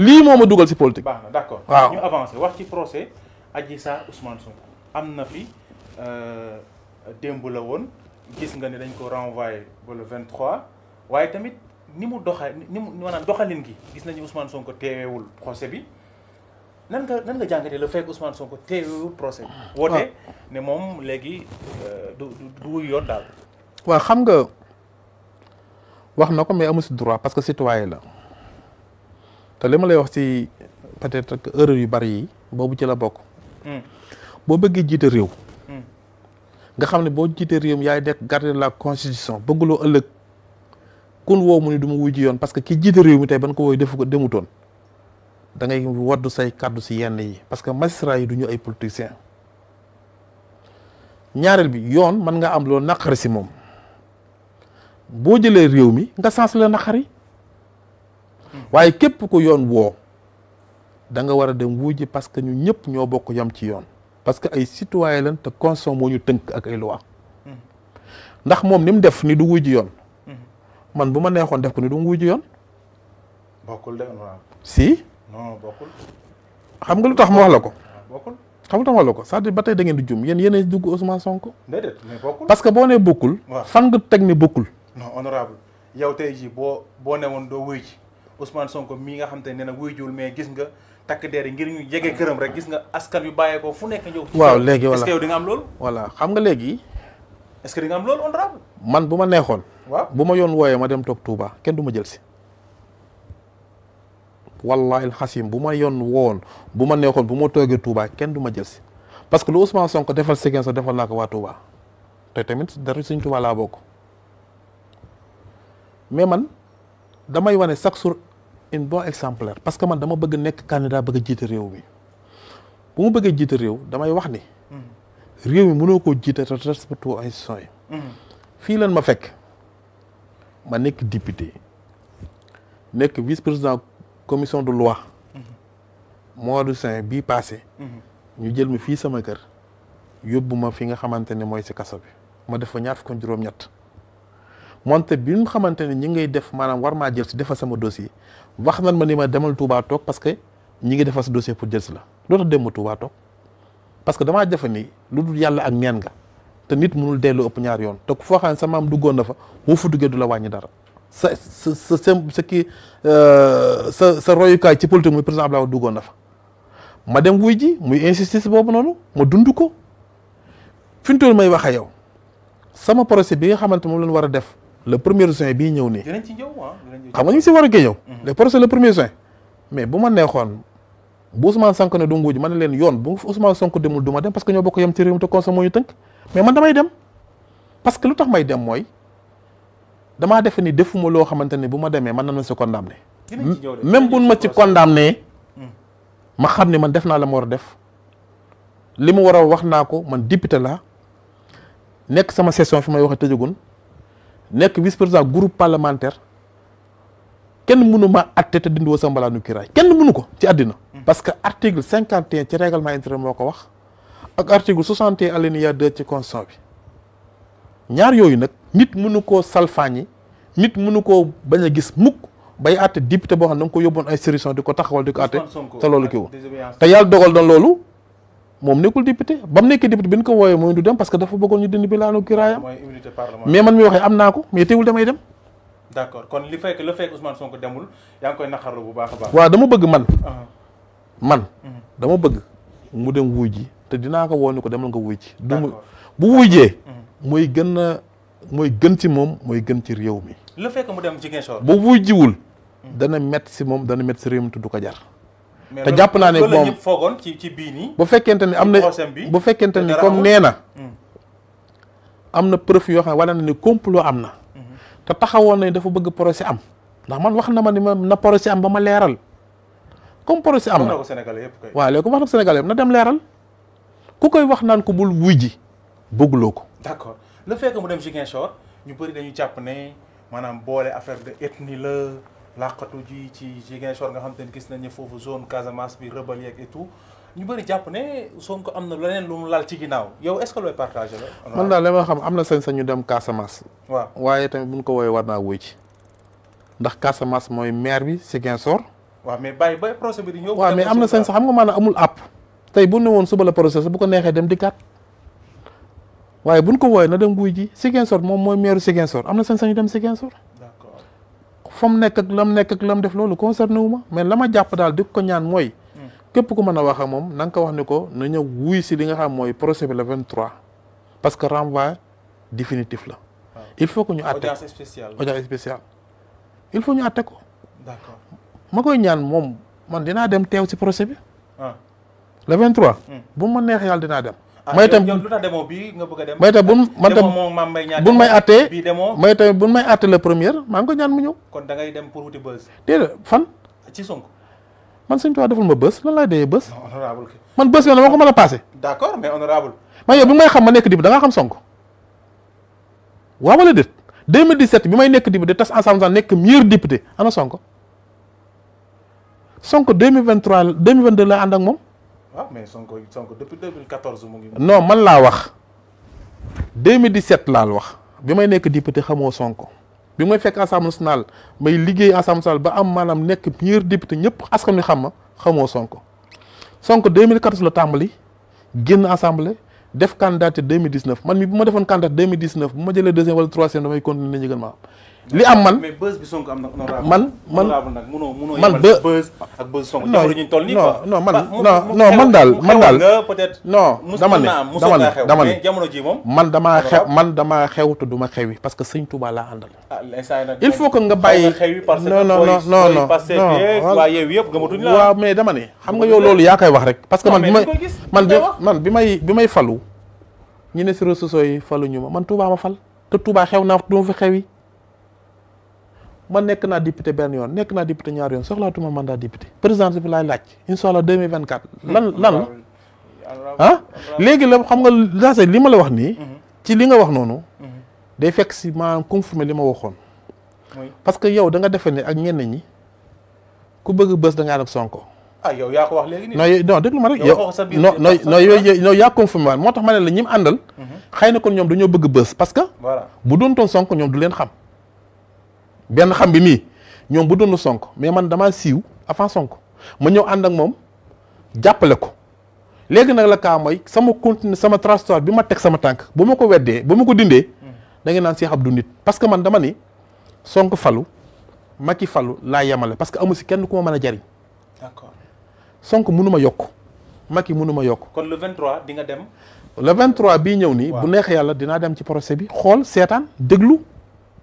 lii moom a dugal si politique. baax na d' accord waaw ñu avancé wax ci procès Adji Sarr Ousmane Sonko am na fi euh, démb la woon gis nga ne dañ ko renvoyé ba le 23 waaye tamit ni mu doxa ni mu maanaam doxalin gi gis nañu Ousmane ko teewewul procès bi nan nga nan nga jàngatee le fait que Ousmane Sonko teewewul procès bi. Ah. woote ne moom léegi euh, du du wuy yoon daal. waaw xam nga wax na ko mais amu si droit parce que citoyen la. li ma lay wax ci peut-être que erreur yu bari yi boobu ci la bokk. Hmm. boo bëggee jiite réew. Hmm. nga xam ne boo jiitee réew mi yaay nekk garder la constitution bëgguloo ëllëg kun woo mu ni du ma wuy ji yoon parce que ki jiite réew mi tey ban ko wooyu defu ko demutoon da ngay waddu say kàddu si yenn yi parce que magistrat yi du ñu ay politiciens ñaareel bi yoon mën nga am loolu naqari si moom boo jëlee réew mi nga sens la naqari waaye képp ku yoon woo da nga war a dem wuuji parce que ñu ñëpp ñoo bokk yam ci yoon parce que ay citoyen lañ te constitution moo ñu tënk ak ay loi ndax moom ni def ni du wuuji yoon man bu ma neexoon def ko ni du mu yoon bokkul de si non xam nga lu tax mu wax la ko bokkul xam nga lu tax ma wax la ko ah, cest à ba tey da ngeen di jum yen yéen a dugg Ousmane Sonko parce que boo nee bokkul fan nga teg ni bokkul tey jii boo boo newoon doo wuy ji Ousmane Sonko mii nga xam te ne na wuy jiwul mais gis nga takk der yi ngir ñu jege këram rek gis nga askan yu bàyyeekoo fu nekk ñëw. waaw léegi voilà est-ce que yow di voilà xam nga léegi. est que di nga am loolu man bu ma neexoon. waaw bu ma yoon wooyee ma dem toog Touba kenn du ma jël si. wallahi alxasim bu ma yoon woon bu ma neexoon bu ma toogee Touba kenn du ma jël si parce que lu Ousmane Sonko defal Séquence defal naa ko waa Touba te tamit dara suñ Touba laa bokk mais man. damay wane chaque jour une bon exemplaire parce que man dama bëgg nekk candidat bëgg a jiite réew mi bu mu bëggee jiite réew damay wax ni. Hmm. réew mi mënoo ko jiite te respecté woo institution yi. Hmm. fii lan ma fekk ma nekk député nekk vice président commission de loi. Hmm. mois de juin bi passé. ñu jël ma fii sama kër yóbbu ma fi nga xamante ne mooy si kaso bi ma def fa ñaar fukk juróom-ñett. moonte bi mu xamante ne ñi ngay def maanaam war maa jël si defal sama dossier wax nan ma ni ma demal Touba toog parce que ñi ngi defal sa dossier pour jël si la loo tax dem ma Touba toog parce que damaa jafe ni lu dul yàlla ak neen nga te nit mënul dellu ëpp ñaar yoon te foo xam ne duggoon na fa boo fa la wàññi dara sa sa sa sa kii euh, sa sa royukaay ci politique muy président Abdoulaye duggoon na fa ma dem wuy ji muy injustice boobu noonu ma dund ko fi mu toll may wax ak yow sama procès bi nga xamante moom lañ war a def. le premier juin bii ñëw nii. dinañ ñëw xam nga ñu ngi si war a kii ñëw. le mhm. procès le premier mais bu ma neexoon bu Ousmane Sonko ne du nguuj man ne leen yoon bu Ousmane Sonko demul duma ma dem parce que ñoo bokk yem ci réew mi te conseil moo ñu tënk. mais man damay dem parce que lu tax may dem mooy damaa defe ni defuma loo xamante ne bu ma demee man nan ma si condamné. même buñ ma ci condamné. Mhm. ma xam ne man def naa la ma war a def. li mu war a wax naa ko man député la nekk sama session fi may waxee tëjagun. nekk vice président groupe parlementaire kenn mënu ma atte te dindi woo sa mbalaanu kiraay kenn mënu ko ci àddina parce que article cinquante et un ci règlement intérieur moo ko wax ak article soixante et un alinéa deux ci constitution bi ñaar yooyu nag nit mënu koo salfaañi nit mënu koo bañ a gis mukk bay atte député boo xam ne da nga ko yóbboon ay sérition di ko taxawal di ko atte te loolu kiiwu te yàlla dogal na loolu moom nekkul député ba mu nekkee député bi ñu ko wooyee mooy du dem parce que dafa bëggoon ñu dindi bi laanu kiraayam mais mi waxee am naa ko mais teewul d' accord kon li fekk la fekk Ousmane Sonko demul yaa ngi koy bu baax a baax waaw dama man uh-huh. Uh-huh. dama bëgg mu dem wuy ji te dinaa ko woo ni ko demal nga wuy ji du bu wujjee uh-huh. mooy gën mooy gën ci moom mooy gën ci réew mi la fekk mu dem Ziguinchor bu wujjiwul dana métti si moom dana métti si réew mi te ko jar te jàpp naa ne moom ñëpp ci ci bii nii bu fekkente ni am na bu fekkente ni comme nee na hmm. am na preuve yoo xam ne wane na ni am na hmm. te taxawoon nañ dafa bëgg procès am ndax man wax na ma ni ma na procès am ba ma leeral comme procès am na waaw léegi wax na ko Sénégal yëpp na dem leeral ku koy wax naan ko bul wuy ji bëgguloo ko d'accord le fait que mu dem Ziguinchor ñu bëri dañu jàpp ne maanaam boole affaire de ethnie la làqatu ji ci Ziguinchor nga xam te ne gis nañu foofu zone Casamance bi rebelle yeeg et tout ñu bëri jàpp ne Sonko am na leneen lu laal ci ginnaaw yow est-ce que looy partagé la. man daal li ma xam am na sañ-sañu dem Casamance. waaw waaye tamit bu ñu ko woowee war naa wóy ci ndax Casamance mooy maire bi Ziguinchor. waaw mais bàyyi ba procès bi di ñëw. waaw mais am na sañ sax xam nga maanaam amul àpp. tey bu ne woon suba la procès bu ko neexee dem dikkaat waaye bu ko woowee na dem wuy ji Ziguinchor moom mooy maire Ziguinchor am na sañ dem Ziguinchor fa mu nekk la mu nekk la mu def loolu concerné wu ma mais la ma jàpp daal di ko ñaan mooy. képp ku mën a wax ak moom na nga ko wax ni ko na ñëw wuy si li nga xam mooy procès bi le 23. parce que renvoi définitif la. il faut que ñu àtte audience il faut ñu àtte ko. d'accord ma koy ñaan moom man dinaa dem teew si procès bi. Ah. le 23. Hmm. bu ma neex yàlla dinaa dem. Ah, may tam yow lu demoo bii nga bëgg a dem. may tam bu man may attee may tamit may attee la maa ngi ko ñaan mu kon da ngay dem pour wuti bës. man Sëñ Tuubaa deful ma bës lan laay dee bës. honorable man bës yoon dama ko mën a passé. d'accord mais honorable. man yow bi may xam ma nekk di da ngaa xam Sonko. waaw wala déet 2017 bi may nekk député tas ensemble sax nekk meilleur de ana Sonko Sonko 2023 2022 la ànd ak moom. waaw ah, mais Sonko Sonko depuis 2014 mu ngi. man laa wax 2017 laal wax bi may nekk député xamoo Sonko bi may fekk assemblée nationale may liggéey assemblée nationale ba am maanaam nekk premier député ñëpp askan wi xam ma xamoo Sonko Sonko 2014 la tàmbali génn assemblée def candidat 2019 man mi bu ma defoon candidat 2019 bu ma jëlee deuxième wala troisième damay continuer ñu gën ma am. li am man mais buzz bi Sonko am nag man man mënoo mënoo man buzz ak buzz Sonko jamono ñu toll nii quoi non man non non man daal man daal peut-être non dama ne dama ne dama jamono ji moom man damaa xew man damaa xew te duma xewi parce que sëñ Touba laa àndal ah, il faut que nga bàyyi non non non non non waaw mais dama ne xam nga yow loolu yaa koy wax rek parce que man bi may man bi man bi may may falu ñu ne si réseaux yi falu ñu ma man Touba ma fal te Touba xew naa duma fi xewi man nekk naa député benn yoon nekk naa député ñaar yoon soxlaatuma mandat député présidence bi laay laaj incha allah 2024. lan hmm. lan la ah la xam li ma la wax nii. Hmm. ci li nga wax noonu. Hmm. day fekk si maanaam confirmer li ma waxoon. parce que yow da nga defe ne ak ñenn ñi ku bëgg bës da nga ànd ak Sonko. ah yow yaa ko wax léegi nii. non non déglu ma rek yow non yaa confirmé waat moo tax ma ne la ñi àndal. xëy na kon ñoom dañoo bëgg bës parce que. bu doon toon Sonko ñoom du leen xam. benn xam bi nii ñoom bu doon sonk mais man damaa siiw avant sonk ma ñëw ànd ak moom jàppale ko léegi nag la kaa mooy sama continue sama trajectoire bi ma teg sama tànk bu ma ko weddee bu ma ko dindee da ngeen naan Cheikh Abdou nit parce que man dama ni Sonko falu Macky falu laa yemale parce que amu si kenn ku ma mën a jariñ d'accord Sonko mënu yokk Macky mënu ma yokk kon le 23 di nga dem le 23 bii ñëw nii bu neexee yàlla dinaa dem ci procès bi xool seetaan déglu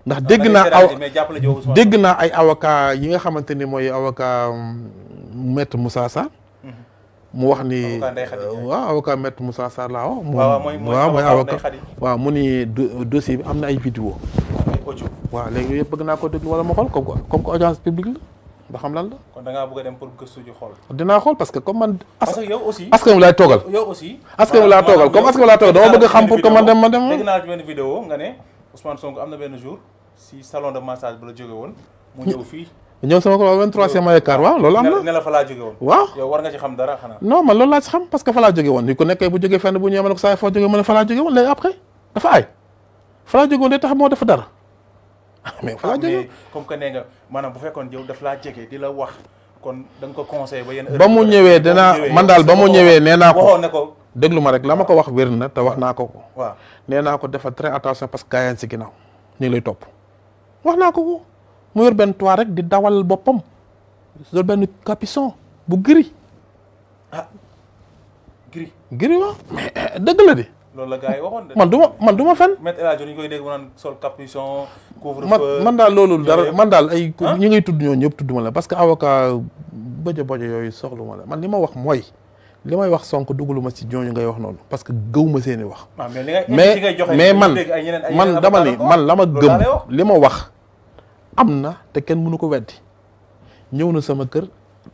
ndax ah, dégg naa aw dégg naa ay avocat yi nga xamante ni mooy avocat mm, maître Moussa Sarr mm-hmm. mu wax ni waaw avocat maître Moussa Sarr laa wax waaw mooy avocat waaw mu ni dossier bi am na ay vidéo waaw léegi yëpp bëgg naa ko déglu wala ma xool comme comme que audience publique la ba xam lan la. kon da ngaa bëgg a dem pour gëstu ji xool. dinaa xool parce que comme man. parce que yow aussi askan wi laay toogal. yow aussi. askan wi laa toogal comme askan wi laay toogal dama bëgg xam pour que man dem ma dem. dégg naa ci benn vidéo nga ne. Ousmane Sonko am na benn jour si salon de massage bu la jóge woon. mu ñëw fii. ñëw sama ko vingt troisième ay car waaw loolu am na ne la fa laa jóge woon waaw yow war nga ci xam dara xanaa man loolu laa ci xam parce que fa laa jóge woon ni ko nekkee bu jógee fenn bu ñëwee foo jóge ma ne fa laa jóge woon léegi après dafa aay fa comme que nee nga maanaam bu fekkoon yow daf laa jege di la wax kon da ko conseillé ba yenn ba mu ñëwee dinaa man daal ba mu ñëwee nee naa ko waxoon na ko déglu ma rek la ma ko wax wér na te wax naa ko ko. waaw nee naa ko defal très attention parce que gars yaa ngi si ginnaaw ñu lay topp. wax naa ko ko mu yor benn toit rek di dawal boppam yor benn capuchon bu gris. ah gris. gris eh, dëgg la de. loolu la gars waxoon man du ma man du ma fen. Maître El Hadji ñu koy dégg mu naan sol capuchon. daal loolu dara man daal ay. Ah? ñu ngay tudd ñoo ñëpp tudd ma la parce que avocat bëjë bëjë yooyu soxlu ma la man li ma wax mooy. li may wax Sonko dugguluma ci ñooñu ngay wax noonu parce que gëwma seeni wax. Ah, mais mais man man dama ni man la ma gëm li ma wax am na te kenn mënu ko weddi ñëw na sama kër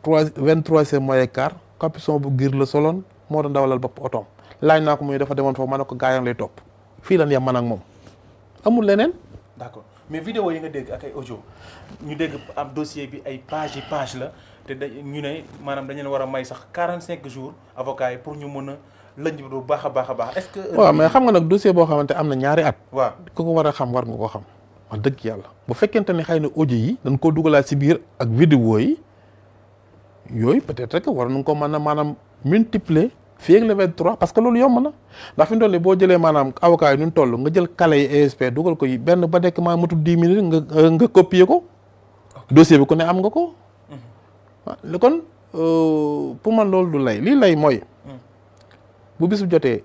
trois vingt troisième mois et quart capuchon bu giir la soloon moo doon dawalal bopp otoom laaj naa ko muy dafa demoon foofu ma ne ko gaa lay topp fii lan yam man ak moom amul leneen. d'accord mais vidéo yi nga dégg ak ay audio ñu dégg am dossier bi ay page yi page la. te da ñu ne maanaam dañu ne war a may sax 45 jours avocat yi pour ñu mën a la lëñ bu baax a baax a baax est-ce que. Euh, waaw mais xam nga nag boo xamante am na ñaari at. waaw ko war a war nga koo xam. wax dëgg yàlla bu fekkente ne xëy na audio yi. dañ koo dugalaat si biir ak vidéo yi yooyu peut-être rek war nañ ko mën a maanaam multiplier. fii ak le 23 parce que loolu yomb na ndax fi boo jëlee maanaam avocat yi ñu toll nga jël kale yi ESP dugal ko yi benn ba nekk maa matul 10 minutes nga koppiye copier ko. dossier bi ko ne am nga ko. waaw ah, kon euh, pour man loolu du lay lii lay mooy. bu bis jotee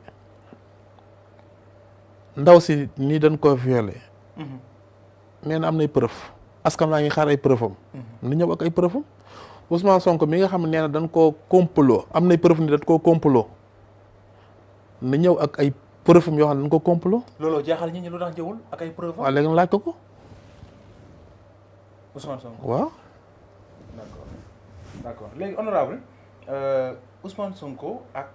ndaw si nii dañ ko violé. nee mm-hmm. na am nay preuve askan laa ngi xaar ay preuve am. Mm-hmm. nu ñëw ak ay preuve mi nga xam ne nee dañ koo complot na ñëw ak ay preuve am yoo xam ne dañ koo complot. looloo jaaxal ñi ñu lu tax jëwul ak ay preuve am. waaw léegi laaj ko ko. Ousmane Sonko waaw. d' accord léegi honorable euh, Ousmane Sonko ak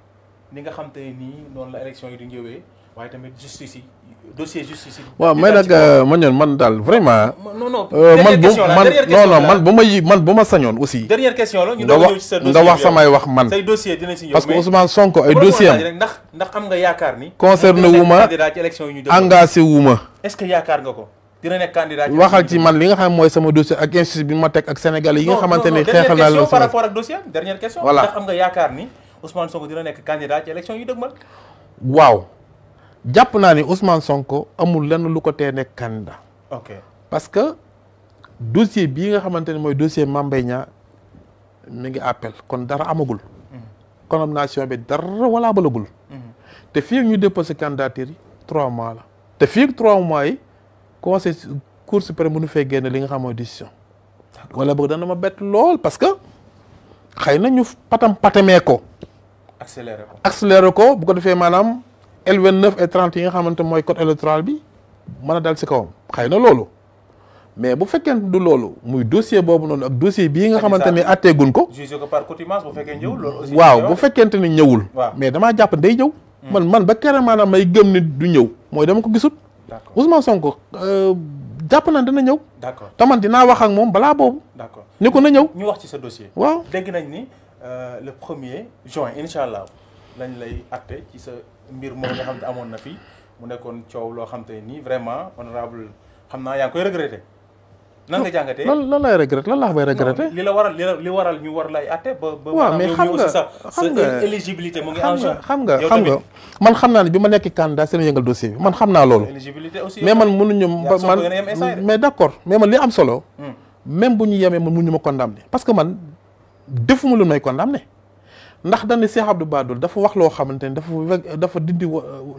ni nga xam te nii noonu la élection yi di ñëwee waaye tamit justice yi dossier justice yi. waaw mais euh, man daal vraiment. non euh, man bu ma yi man bu ma sañoon aussi. dernière question la ñu doon ñëw nga wax samay wax man. say dossier dina ci ñëw parce que Ousmane Sonko ay dossier am ndax ndax am nga yaakaar ni. concerné wu ma est ce que yaakaar nga ko. dina nekk candidat waxal ci man li nga xam mooy sama dossier ak institut bi ma teg ak sénégalais yi nga xamante ne xeexal naa la par rapport ak dossier dernière question voilà ndax nekk candidat ci élection yu waaw jàpp naa ni Ousmane Sonko amul lenn lu ko tee nekk candidat ok parce que dossier bi nga xamante ne mooy dossier Mame ñaa Niang ngi appel kon dara amagul mhm. condamnation bi dara walaa balagul mhm. te fii ñu déposé candidature yi trois mois la te fii trois mois yi conseil cour suprême mënu fee génne li nga xam mooy décision. wala boog dana ma bett lool parce que xëy na ñu patam patamee ko. accéléré ko ko bu ko defee maanaam L29 et 30 yi nga xamante mooy code électoral bi mën a dal si kawam xëy na loolu. mais bu fekkent du loolu muy dossier boobu noonu ak dossier bii nga xamante ne atteegun ko. jugé ko par contumace bu fekkee waaw bu fekkente ni ñëwul. mais damaa jàpp day ñëw. Hmm. man man ba keroog maanaam may gëm ni du ñëw mooy dama ko gisu d'accord Ousmane Sonko euh, jàpp na dana ñëw. d'accord te man dinaa wax ak moom balaa boobu. d'accord ni ko na ñëw. ñu wax ci sa dossier. waaw dégg nañ ni euh, le premier juin incha allah lañ lay atte ci sa mbir moom nga xam te amoon na fi mu nekkoon coow loo xam te nii vraiment honorable xam naa yaa ngi koy regretter. nan nga jàngatee lan lan lay regretté lan laa may la waral li waaw mais xam nga xam nga éligibilité mu xam nga xam nga man xam naa ne bi ma nekk candidat seen yëngal dossier bi man xam naa loolu. éligibilité aussi mais man mënuñu man mais d'accord mais man li hmm. même bu ñu yemee man mënuñu ma condamné parce que man defuma lu may condamné. ndax dañ ne Cheikh Abdou Badul dafa wax loo xamante ne dafa dafa dindi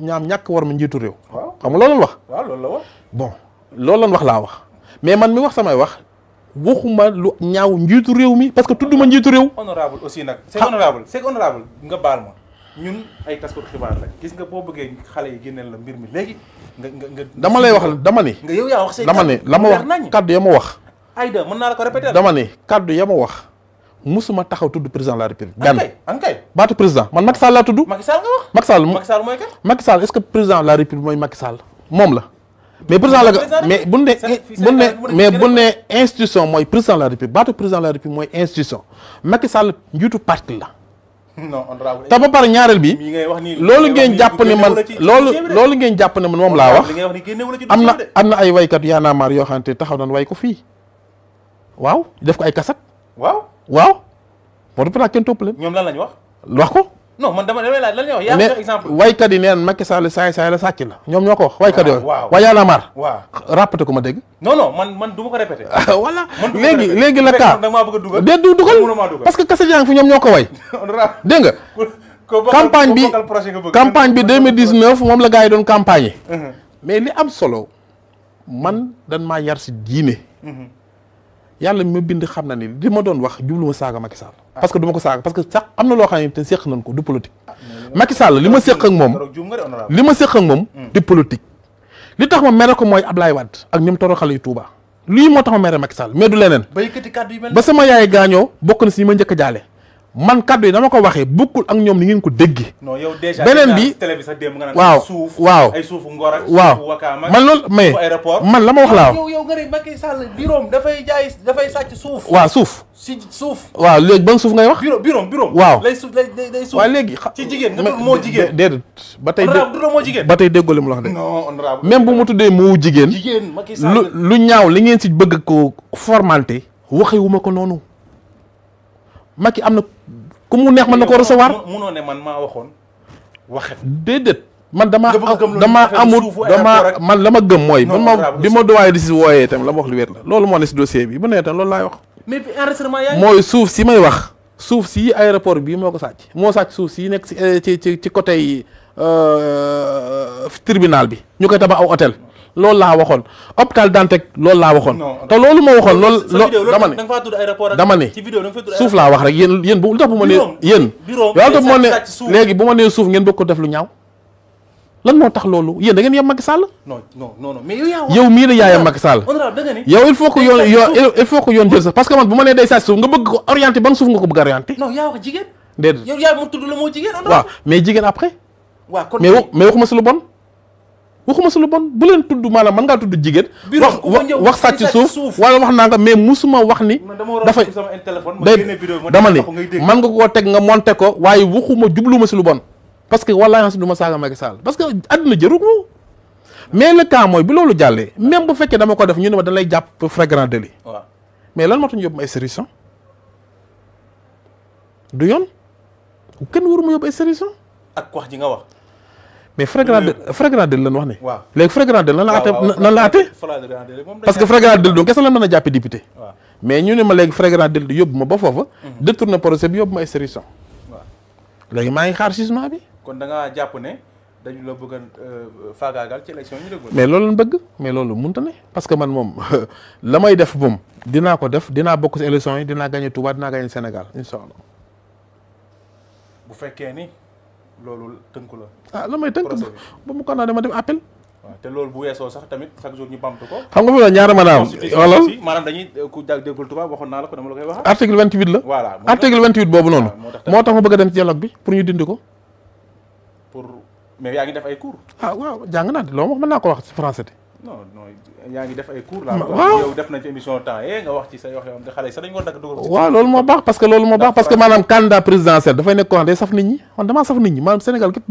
ñaam ñàkk war ma njiitu réew. waaw xam nga loolu la wax. waaw la wax bon loolu la wax laa wax. mais man mi wax samay wax waxuma lu ñaaw njiitu réew mi parce que tudduma njiitu réew. honorable aussi nag. c'est honorable c'est honorable nga baal ma ñun ay la gis nga boo bëggee xale yi génneel la mbir mi léegi nga nga nga. dama lay wax dama ne. nga yow yaa wax say dama la ma wax kaddu ya ma wax. Aïda mën naa ko répéter. dama ne kaddu ya ma wax musuma taxaw tudd président de la république. benn ankay baatu président man laa tudd. Macky Sall nga wax. Macky Sall mooy kan. Macky Sall la république mooy Macky Sall moom la. mais président la mais bu ne bu ne mais institution mooy président de la république baatu président la république mooy institution Macky Sall njiitu parti la. non te ba pare ñaareel bi. loolu ngeen jàpp ne man loolu loolu ngeen jàpp ne man moom laa wax. am na am na ay waykat yaa naa maar yoo xamante taxaw nañ way ko fii waaw def ko ay kasak. waaw waaw. moo tax kenn topp leen. ñoom lan lañ wax. wax ko. non man dama damay laaj lan yow yaa ngi jox exemple waykat yi neen Macky Sall saay saay la sàcc la ñoom ñoo ko wax waykat yooyu waaw yaa la mar waaw ko ma dégg non man man du ma ko répété ah, voilà léegi léegi la kaa danga maa bëgg a dugal déet du dugal parce que kase jàng fi ñoom ñoo ko way dégg nga campagne bi campagne bi 2019 moom la gars yi doon campagne uh-huh. mais li am solo man dan maa yar si diine uh-huh. yàlla mi ma bind xam na ni li ma doon wax jublu ma saaga Macky Sall Ah. parce que du ma ko saaga parce que sax am na loo xam ne te séq nañ ko du politique ah, Macky li ma séq moom li ma séq moom hmm. du politique li tax ma mere ko mooy Ablaye Wade ak ñoom toroxal yu Touba lii moo tax ma mere Macky Sall mais du leneen ba sama yaay gaañoo bokk na si ñi ma njëkk jaale man kat yi dama ko waxee bokkul ak ñoom ni ngeen ko déggi non yow déjà beneen bi télé bi nga naan waaw suuf waaw ay suufu ngor ak waaw wakaama man loolu mais man la ma wax laa yow yow nga ne Macky Sall biroom dafay jaay dafay sàcc suuf waaw suuf si suuf waaw léegi ban suuf ngay wax biroom biroom waaw lay suuf lay lay suuf waaw léegi jigéen nga moo jigéen déedéet ba tey moo jigéen ba tey déggoo li mu la wax de non honorable même bu mu tuddee moo jigéen jigéen Macky Sall lu lu ñaaw li ngeen si bëgg ko formalité waxee ma ko noonu Macky am na ku mu neex ma ne ko recevoir. munoo ne man maa waxoon waxe déedéet man damaa damaa amul damaa man la ma gëm mooy. man ma bi ma doyen di si wooyee itam la ma wax lu wér la loolu moo ne si dossier bi bu nee itam loolu laay wax. mais fi mooy suuf si may wax. suuf si aéroport bii moo ko sàcc moo sàcc suuf si nekk eh, ci ci ci côté euh, tribunal bi. ñu koy tabax aw hôtel. loolu laa waxoon hôpital Dantec loolu laa waxoon. te loolu ma waxoon loolu. dama ne dama ne suuf laa wax rek yéen yéen bu lu tax bu ma nee. yéen loolu tax bu ma ne léegi bu ma nee suuf ngeen bëgg ko def yow mii la yaa yem yow il faut que yoon jël sax parce que man bu ma nee day sàcc suuf nga bëgg ko orienté ban suuf nga ko bëgg orienté. non mais jigéen après. mais waxuma si lu bon. waxuma su lu bon bu leen tudd maanaam man ngaa tudd jigéen. wax wax sàcc suuf wala wax naa nga mais musuma wax ni. dafa dama ni man nga koo teg nga monté ko waaye waxuma jubluma si lu bon. parce que wallaahi si du ma saaga Macky Sall parce que àdduna jëru ko mais le cas mooy bu loolu jàllee même bu fekkee dama ko def ñu ne ma da lay jàpp flagrant délit. waaw mais lan moo tax ñu yóbbu ma instruction du yoon kenn waruma yóbbu instruction. ak wax ji nga wax. mais flagrant délit flagrant délit lan wax ne. waaw léegi flagrant délit lan la àtte lan la àtte parce que flagrant délit donc kese la mën a jàppe député. mais ñu ne ma léegi flagrant délit yóbbu ma ba foofa. Mhm. détourné procès bi yóbbu ma extradition. waaw léegi maa ngi xaar jugement bi. kon da ngaa jàpp ne la bëgg a euh, faagaagal ci élection mais loolu lañ bëgg mais loolu mun ne parce que man moom la may def moom dinaa ko def dinaa bokk si élection yi dinaa gagné Touba dinaa gagné Sénégal incha allah. bu fekkee ni. loolu tënku la. ah la may tënk ba mu ko naa dama dem appel. loolu bu weesoo sax tamit chaque ko. xam nga fi la ñaara maanaam. wala maanaam dañuy euh, ku jaag déggul tubaab waxoon naa la ko dama la koy article 28 la. boobu noonu. moo tax ma bëgg a dem ci bi pour ñu dindi ko. pour mais yaa ngi def ay cours. ah waaw jàng naa de loo ko wax ci français waaw yow def nañ fi émission loolu moo baax parce que loolu moo baax parce que maanaam candidat présidentiel dafay nekk xam ne day saf nit ñi man damaa saf nit ñi maanaam Sénégal képp.